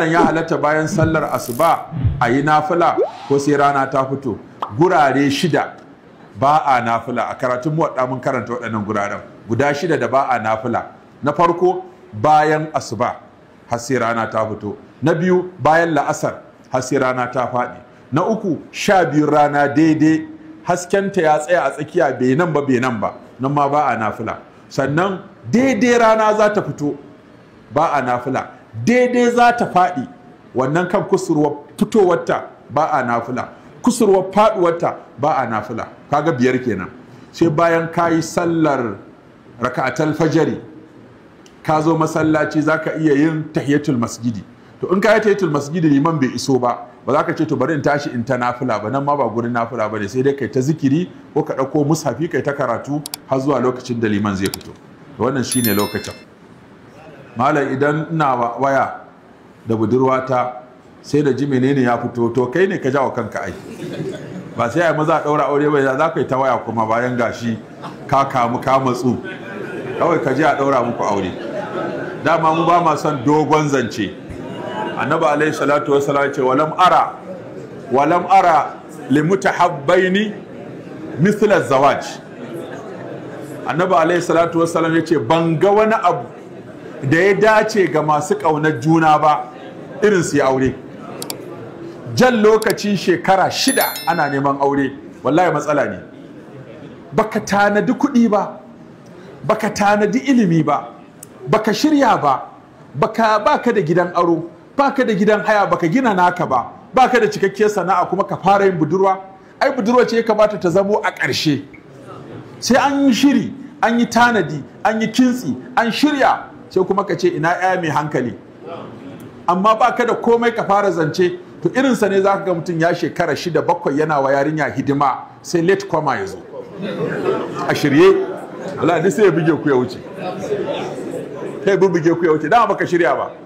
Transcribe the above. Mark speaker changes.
Speaker 1: nan ya halatta bayan sallar asuba a yi nafila ko sai rana ta fito gurare shida ba a nafila a karatun waɗa mun karanta waɗannan guraren guda shida da ba a nafila na farko bayan asuba har rana ta fito na biyu bayan la'asar har rana ta faɗi na uku sha biyun rana daidai haskenta ya tsaya a tsakiya bai nan ba bai nan ba nan ma ba a nafila sannan daidai rana za ta fito ba a nafila daidai za ta faɗi wannan kan kusurwar fitowarta ba a nafila kusurwar faɗuwarta ba a nafila kaga biyar kenan sai bayan ka yi sallar raka'atal fajari ka zo masallaci za ka iya yin tahiyatul masjidi to in ka yi tahiyatul masjidi liman bai iso ba ba za ka ce to bari in tashi in ta nafila ba nan ma ba gurin nafila ba ne sai dai kai ta zikiri ko ka ɗauko mushafi kai ta karatu har zuwa lokacin da liman zai fito wannan shine lokacin malam idan ina waya da budurwata sai da ji menene ya fito to kai ne ka jawo kanka ai ba sai ai maza daura aure ba za ka yi ta waya kuma bayan gashi ka kamu ka matsu kawai ka je a daura muku aure dama mu ba ma son dogon zance annabi alayhi salatu wassalam ce walam ara walam ara mutahabbaini mithla zawaj annabi alayhi salatu wassalam yace ban ga wani abu da ya dace ga masu ƙaunar juna ba irin su aure jan lokacin shekara shida ana neman aure wallahi matsala ne baka tanadi kuɗi ba baka tanadi ilimi ba baka shirya ba baka baka da gidan aro baka da gidan haya baka gina naka ba baka da cikakkiyar sana'a kuma ka fara yin budurwa ai budurwa ce ya kamata ta zamo a ƙarshe sai an yi shiri an yi tanadi an yi kintsi an shirya sai kuma ka ce ina ya mai hankali amma ba ka da komai ka fara zance to irinsa ne za ka ga mutum ya shekara shida bakwai yana wa yarinya hidima sai late kwama ya zo a shirye Allah sai ya buge ku ya wuce buge ku ya baka shirya ba